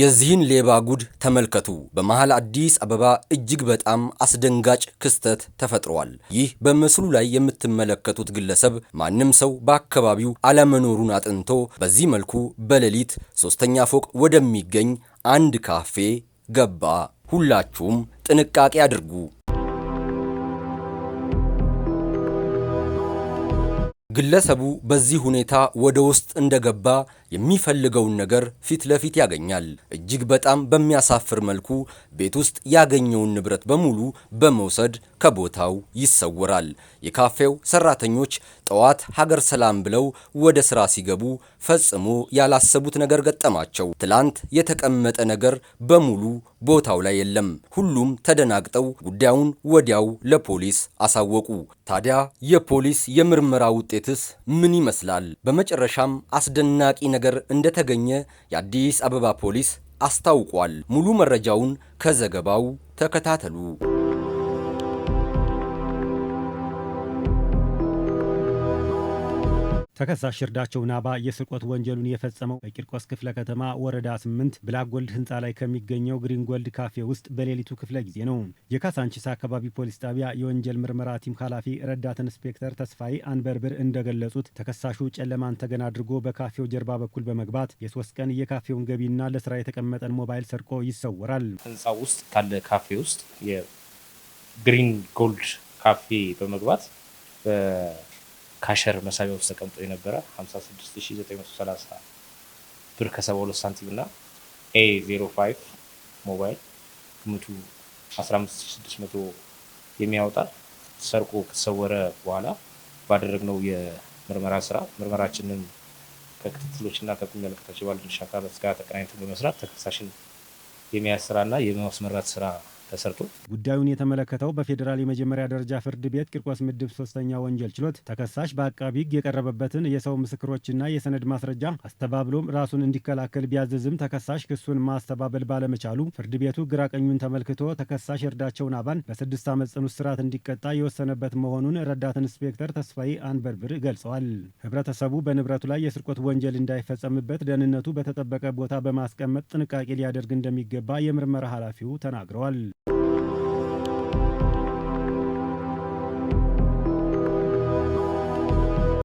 የዚህን ሌባ ጉድ ተመልከቱ። በመሃል አዲስ አበባ እጅግ በጣም አስደንጋጭ ክስተት ተፈጥሯል። ይህ በምስሉ ላይ የምትመለከቱት ግለሰብ ማንም ሰው በአካባቢው አለመኖሩን አጥንቶ በዚህ መልኩ በሌሊት ሶስተኛ ፎቅ ወደሚገኝ አንድ ካፌ ገባ። ሁላችሁም ጥንቃቄ አድርጉ። ግለሰቡ በዚህ ሁኔታ ወደ ውስጥ እንደገባ የሚፈልገውን ነገር ፊት ለፊት ያገኛል። እጅግ በጣም በሚያሳፍር መልኩ ቤት ውስጥ ያገኘውን ንብረት በሙሉ በመውሰድ ከቦታው ይሰወራል። የካፌው ሰራተኞች ጠዋት ሀገር ሰላም ብለው ወደ ስራ ሲገቡ ፈጽሞ ያላሰቡት ነገር ገጠማቸው። ትላንት የተቀመጠ ነገር በሙሉ ቦታው ላይ የለም። ሁሉም ተደናግጠው ጉዳዩን ወዲያው ለፖሊስ አሳወቁ። ታዲያ የፖሊስ የምርመራ ውጤትስ ምን ይመስላል? በመጨረሻም አስደናቂ ነገር ነገር እንደተገኘ የአዲስ አበባ ፖሊስ አስታውቋል። ሙሉ መረጃውን ከዘገባው ተከታተሉ። ተከሳሽ እርዳቸው ናባ የስርቆት ወንጀሉን የፈጸመው በቂርቆስ ክፍለ ከተማ ወረዳ 8 ብላክጎልድ ህንፃ ላይ ከሚገኘው ግሪንጎልድ ካፌ ውስጥ በሌሊቱ ክፍለ ጊዜ ነው። የካሳንቺስ አካባቢ ፖሊስ ጣቢያ የወንጀል ምርመራ ቲም ኃላፊ ረዳት ኢንስፔክተር ተስፋዬ አንበርብር እንደገለጹት ተከሳሹ ጨለማን ተገን አድርጎ በካፌው ጀርባ በኩል በመግባት የሶስት ቀን የካፌውን ገቢና ለስራ የተቀመጠን ሞባይል ሰርቆ ይሰወራል። ህንፃ ውስጥ ካለ ካፌ ውስጥ የግሪንጎልድ ካፌ በመግባት ካሸር መሳቢያ ውስጥ ተቀምጦ የነበረ 56930 ብር ከ72 ሳንቲም እና ኤ 05 ሞባይል ግምቱ 15600 የሚያወጣ ሰርቆ ከተሰወረ በኋላ ባደረግነው የምርመራ ስራ ምርመራችንን ከክትትሎች እና ከሚመለከታቸው ባለድርሻ አካላት ጋር ተቀናኝተን በመስራት ተከሳሽን የሚያስራና የማስመራት ስራ ተሰርቶ ጉዳዩን የተመለከተው በፌዴራል የመጀመሪያ ደረጃ ፍርድ ቤት ቂርቆስ ምድብ ሶስተኛ ወንጀል ችሎት ተከሳሽ በአቃቢ ሕግ የቀረበበትን የሰው ምስክሮችና የሰነድ ማስረጃ አስተባብሎም ራሱን እንዲከላከል ቢያዘዝም ተከሳሽ ክሱን ማስተባበል ባለመቻሉ ፍርድ ቤቱ ግራቀኙን ተመልክቶ ተከሳሽ እርዳቸውን አባን በስድስት ዓመት ጽኑ እስራት እንዲቀጣ የወሰነበት መሆኑን ረዳት ኢንስፔክተር ተስፋዬ አንበርብር ገልጸዋል። ህብረተሰቡ በንብረቱ ላይ የስርቆት ወንጀል እንዳይፈጸምበት ደህንነቱ በተጠበቀ ቦታ በማስቀመጥ ጥንቃቄ ሊያደርግ እንደሚገባ የምርመራ ኃላፊው ተናግረዋል።